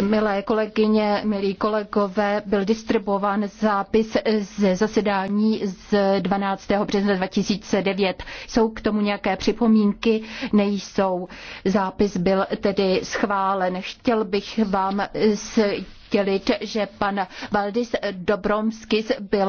Milé kolegyně, milí kolegové, byl distribuován zápis ze zasedání z 12. března 2009. Jsou k tomu nějaké připomínky? Nejsou. Zápis byl tedy schválen. Chtěl bych vám sdělit, že pan Valdis Dobromskis byl